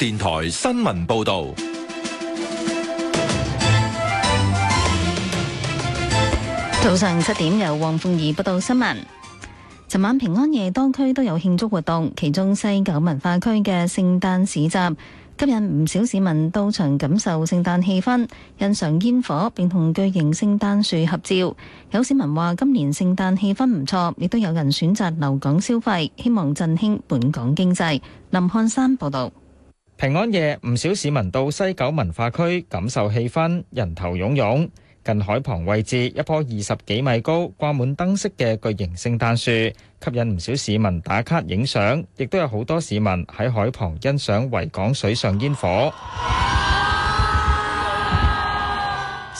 電台新聞報道，早上七點由黃鳳儀報道新聞。尋晚平安夜，多區都有慶祝活動。其中西九文化區嘅聖誕市集，吸引唔少市民到場感受聖誕氣氛，欣賞煙火，並同巨型聖誕樹合照。有市民話，今年聖誕氣氛唔錯，亦都有人選擇留港消費，希望振興本港經濟。林漢山報道。平安夜，唔少市民到西九文化區感受氣氛，人頭湧湧，近海旁位置，一棵二十幾米高、掛滿燈飾嘅巨型聖誕樹吸引唔少市民打卡影相，亦都有好多市民喺海旁欣賞維港水上煙火。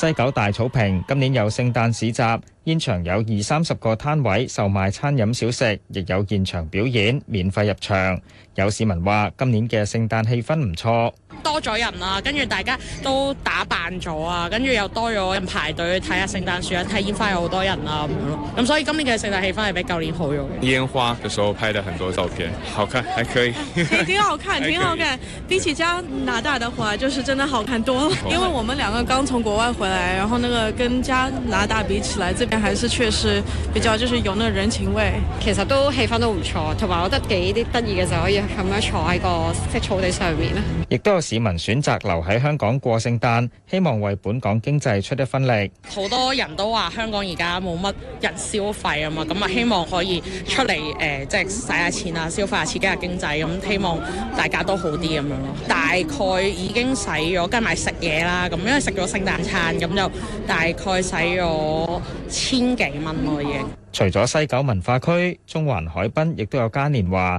西九大草坪今年有聖誕市集，現場有二三十個攤位售賣餐飲小食，亦有現場表演，免費入場，有市民話今年嘅聖誕氣氛唔錯。多咗人啦、啊，跟住大家都打扮咗啊，跟住又多咗人排隊睇下聖誕樹啊，睇煙花有好多人啊咁樣咯。咁所以今年嘅聖誕氣氛係比舊年好咗嘅。煙花嘅時候拍得很多照片，好看，還可以， 挺挺好看，挺好看。比起加拿大嘅話，就是真的好看多了。好因為我們兩個剛從國外回來，然後那個跟加拿大比起來，這邊還是確實比較就是有那個人情味。其實都氣氛都唔錯。同埋我覺得幾啲得意嘅就係可以咁樣坐喺個草地上面啦。亦都有。市民選擇留喺香港過聖誕，希望為本港經濟出一分力。好多人都話香港而家冇乜人消費啊嘛，咁啊希望可以出嚟誒，即係使下錢啊，消費下，自己嘅經濟。咁希望大家都好啲咁樣咯。大概已經使咗跟埋食嘢啦，咁因為食咗聖誕餐，咁就大概使咗千幾蚊咯已經。除咗西九文化區，中環海濱亦都有嘉年華。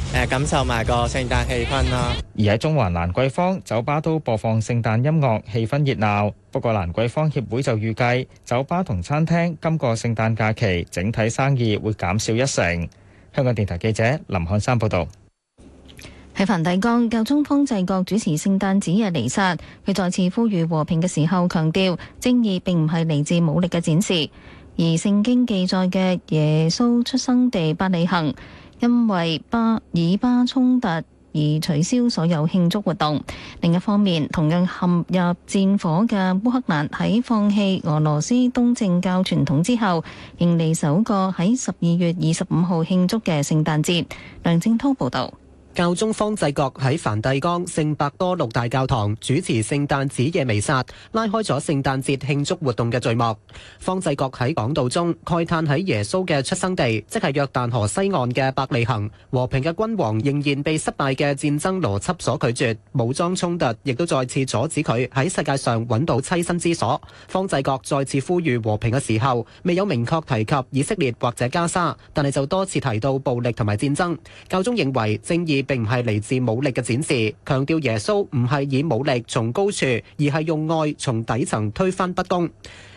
誒，感受埋個聖誕氣氛啦！而喺中環蘭桂坊酒吧都播放聖誕音樂，氣氛熱鬧。不過蘭桂坊協會就預計，酒吧同餐廳今個聖誕假期整體生意會減少一成。香港電台記者林漢山報道。喺梵蒂岡，教宗方濟各主持聖誕節日彌撒，佢再次呼籲和平嘅時候強調，強調正義並唔係嚟自武力嘅展示，而聖經記載嘅耶穌出生地伯利恆，因為巴以衝突而取消所有慶祝活動。另一方面，同樣陷入戰火嘅烏克蘭喺放棄俄羅斯東正教傳統之後，迎嚟首個喺十二月二十五號慶祝嘅聖誕節。梁正滔報導。教宗方濟各喺梵蒂岡聖伯多禄大教堂主持聖誕子夜彌撒，拉開咗聖誕節慶祝活動嘅序幕。方濟各喺講道中慨嘆喺耶穌嘅出生地，即係約旦河西岸嘅伯利恒，和平嘅君王仍然被失敗嘅戰爭邏輯所拒絕。武裝衝突亦都再次阻止佢喺世界上揾到棲身之所。方濟各再次呼籲和平嘅時候，未有明確提及以色列或者加沙，但係就多次提到暴力同埋戰爭。教宗認為正義。並唔係嚟自武力嘅展示，強調耶穌唔係以武力從高處，而係用愛從底層推翻不公。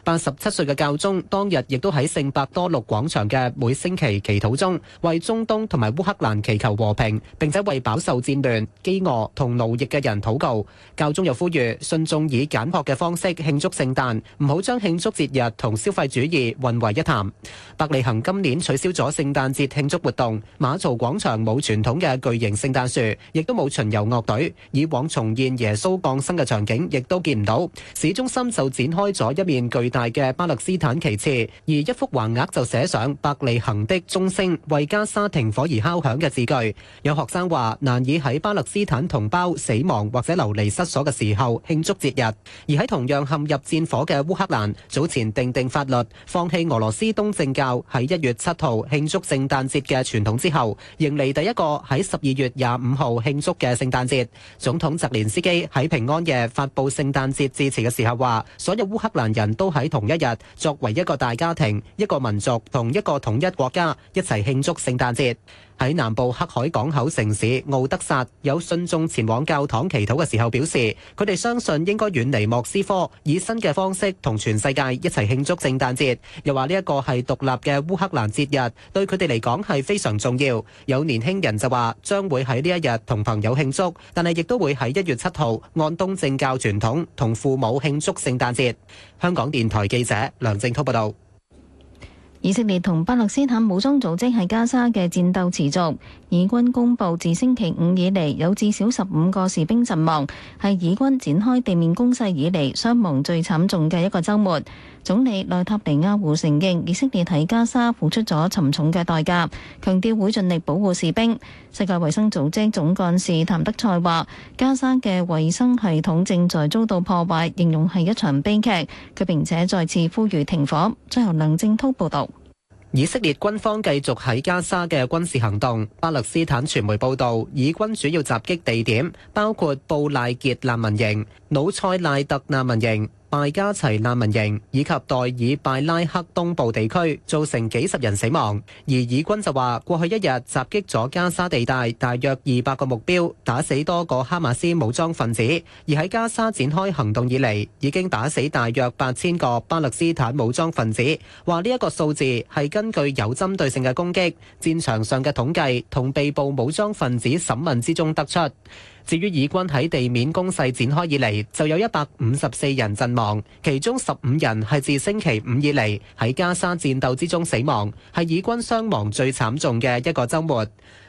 八十七歲嘅教宗當日亦都喺聖伯多祿廣場嘅每星期祈禱中，為中東同埋烏克蘭祈求和平，並且為飽受戰亂、飢餓同奴役嘅人禱告。教宗又呼籲信眾以簡樸嘅方式慶祝聖誕，唔好將慶祝節日同消費主義混為一談。伯利恆今年取消咗聖誕節慶祝活動，馬槽廣場冇傳統嘅巨型聖誕樹，亦都冇巡遊樂隊，以往重現耶穌降生嘅場景亦都見唔到。市中心就展開咗一面巨大嘅巴勒斯坦旗幟，而一幅橫額就寫上“伯利恆的鐘聲為加沙停火而敲響”的字句。有學生話：難以喺巴勒斯坦同胞死亡或者流離失所嘅時候慶祝節日。而喺同樣陷入戰火嘅烏克蘭，早前訂定法律放棄俄羅斯東正教喺一月七號慶祝聖誕節嘅傳統之後，迎嚟第一個喺十二月廿五號慶祝嘅聖誕節。總統澤連斯基喺平安夜發佈聖誕節致辭嘅時候話：所有烏克蘭人都係。喺同一日，作為一個大家庭，一個民族、同一個統一國家，一齊慶祝聖誕節。喺南部黑海港口城市奧德薩有信眾前往教堂祈禱嘅時候表示，佢哋相信應該遠離莫斯科，以新嘅方式同全世界一齊慶祝聖誕節，又話呢一個係獨立嘅烏克蘭節日，對佢哋嚟講係非常重要。有年輕人就話將會喺呢一日同朋友慶祝，但係亦都會喺一月七號按東正教傳統同父母慶祝聖誕節。香港電台記者梁正濤報道。以色列同巴勒斯坦武裝組織喺加沙嘅戰鬥持續。以軍公布自星期五以嚟有至少十五個士兵陣亡，係以軍展開地面攻勢以嚟傷亡最慘重嘅一個周末。總理內塔尼亞胡承認以色列喺加沙付出咗沉重嘅代價，強調會盡力保護士兵。世界衛生組織總幹事譚德賽話：加沙嘅衛生系統正在遭到破壞，形容係一場悲劇。佢並且再次呼籲停火。最後由梁正濤報道。以色列軍方繼續喺加沙嘅軍事行動。巴勒斯坦傳媒報道，以軍主要襲擊地點包括布賴傑難民營、努塞賴特難民營、大加齊難民營以及代爾拜拉克東部地區，造成幾十人死亡，而以軍就話過去一日襲擊咗加沙地帶大約二百個目標，打死多個哈馬斯武裝分子。而喺加沙展開行動以嚟，已經打死大約八千個巴勒斯坦武裝分子。話呢一個數字係根據有針對性嘅攻擊、戰場上嘅統計同被捕武裝分子審問之中得出。至於以軍喺地面攻勢展開以嚟，就有一百五十四人陣亡，其中十五人係自星期五以嚟喺加沙戰鬥之中死亡，係以軍傷亡最慘重嘅一個週末。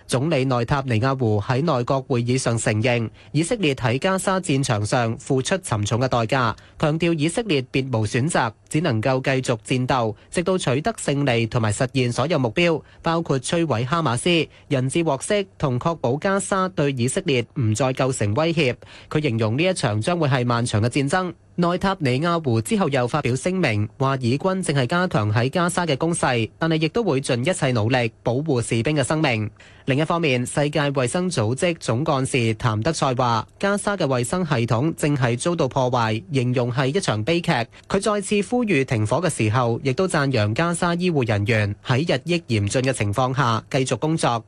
總理內塔尼亞胡喺內閣會議上承認，以色列喺加沙戰場上付出沉重嘅代價，強調以色列別無選擇，只能夠繼續戰鬥，直到取得勝利同埋實現所有目標，包括摧毀哈馬斯、人質獲釋同確保加沙對以色列唔再構成威脅。佢形容呢一場將會係漫長嘅戰爭。內塔尼亞胡之後又發表聲明，話以軍正係加強喺加沙嘅攻勢，但係亦都會盡一切努力保護士兵嘅生命。另一方面，世界衛生組織總幹事譚德賽話，加沙嘅衛生系統正係遭到破壞，形容係一場悲劇。佢再次呼籲停火嘅時候，亦都讚揚加沙醫護人員喺日益嚴峻嘅情況下繼續工作。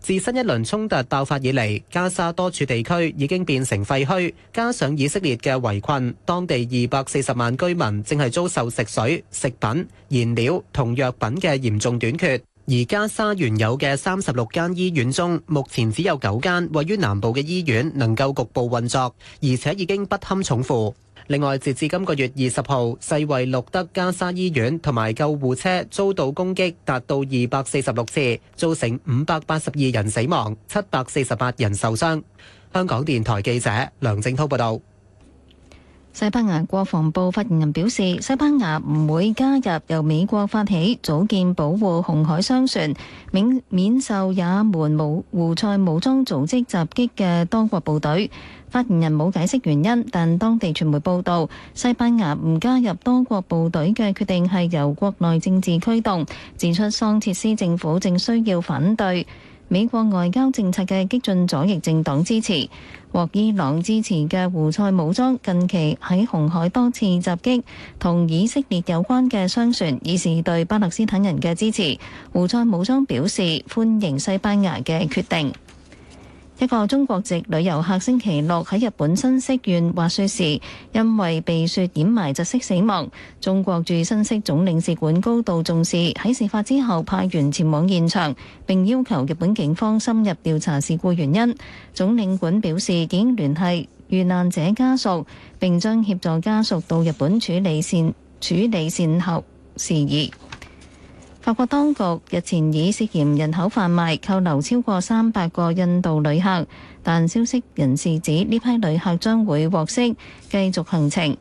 自新一輪衝突爆發以嚟，加沙多處地區已經變成廢墟，加上以色列嘅圍困，當地二百四十萬居民正係遭受食水、食品、燃料同藥品嘅嚴重短缺。而加沙原有嘅三十六間醫院中，目前只有九間位於南部嘅醫院能夠局部運作，而且已經不堪重負。另外，截至今個月二十號，世衛錄得加沙醫院同埋救護車遭到攻擊達到二百四十六次，造成五百八十二人死亡、七百四十八人受傷。香港電台記者梁正滔報導。西班牙國防部發言人表示，西班牙唔會加入由美國發起組建保護紅海商船免免受也門武胡塞武裝組織襲擊嘅多國部隊。發言人冇解釋原因，但當地傳媒報道，西班牙唔加入多國部隊嘅決定係由國內政治驅動，指出桑切斯政府正需要反對美國外交政策嘅激進左翼政黨支持，獲伊朗支持嘅胡塞武裝近期喺紅海多次襲擊同以色列有關嘅商船，以示對巴勒斯坦人嘅支持。胡塞武裝表示歡迎西班牙嘅決定。一個中國籍旅遊客星期六喺日本新潟縣滑雪時，因為被雪掩埋窒息死亡。中國駐新潟總領事館高度重視，喺事發之後派員前往現場，並要求日本警方深入調查事故原因。總領館表示，已經聯繫遇難者家屬，並將協助家屬到日本處理善處理善後事宜。法國當局日前以涉嫌人口販賣，扣留超過三百個印度旅客，但消息人士指呢批旅客將會獲釋，繼續行程。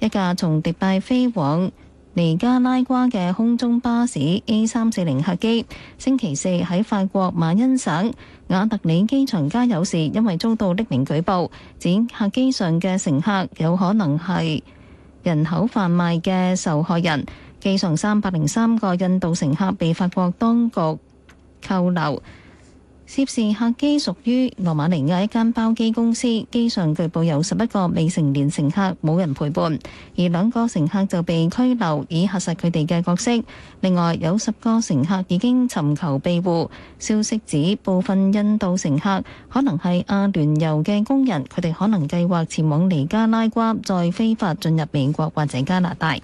一架從迪拜飛往尼加拉瓜嘅空中巴士 A 三四零客機，星期四喺法國馬恩省雅特里機場加油時，因為遭到匿名舉報，指客機上嘅乘客有可能係人口販賣嘅受害人。機上三百零三個印度乘客被法國當局扣留，涉事客機屬於羅馬尼亞一間包機公司。機上據報有十一個未成年乘客冇人陪伴，而兩個乘客就被拘留以核實佢哋嘅角色。另外有十個乘客已經尋求庇護。消息指部分印度乘客可能係阿聯酋嘅工人，佢哋可能計劃前往尼加拉瓜再非法進入美國或者加拿大。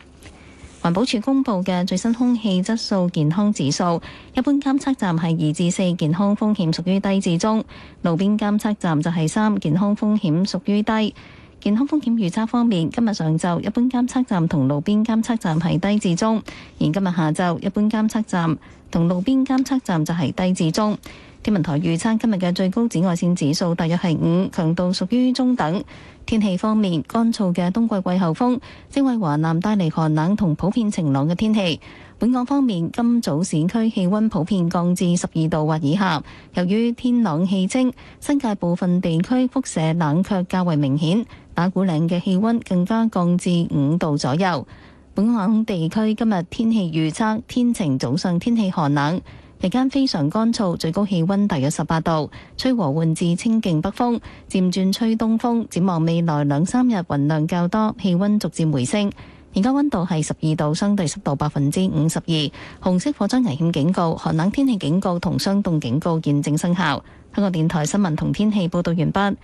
環保署公布嘅最新空氣質素健康指數，一般監測站係二至四，健康風險屬於低至中；路邊監測站就係三，健康風險屬於低。健康風險預測方面，今日上晝一般監測站同路邊監測站係低至中，而今日下晝一般監測站同路邊監測站就係低至中。天文台預測今日嘅最高紫外線指數大約係五，強度屬於中等。天氣方面，乾燥嘅冬季季候風正為華南帶嚟寒冷同普遍晴朗嘅天氣。本港方面，今早市區氣温普遍降至十二度或以下，由於天朗氣清，新界部分地區輻射冷卻較為明顯，打鼓嶺嘅氣温更加降至五度左右。本港地區今日天氣預測天晴，早上天氣寒冷。日間非常乾燥，最高氣温大約十八度，吹和緩至清勁北風，漸轉吹東風。展望未來兩三日雲量較多，氣温逐漸回升。而家温度係十二度，相對濕度百分之五十二。紅色火災危險警告、寒冷天氣警告同霜凍警告現正生效。香港電台新聞同天氣報道完畢。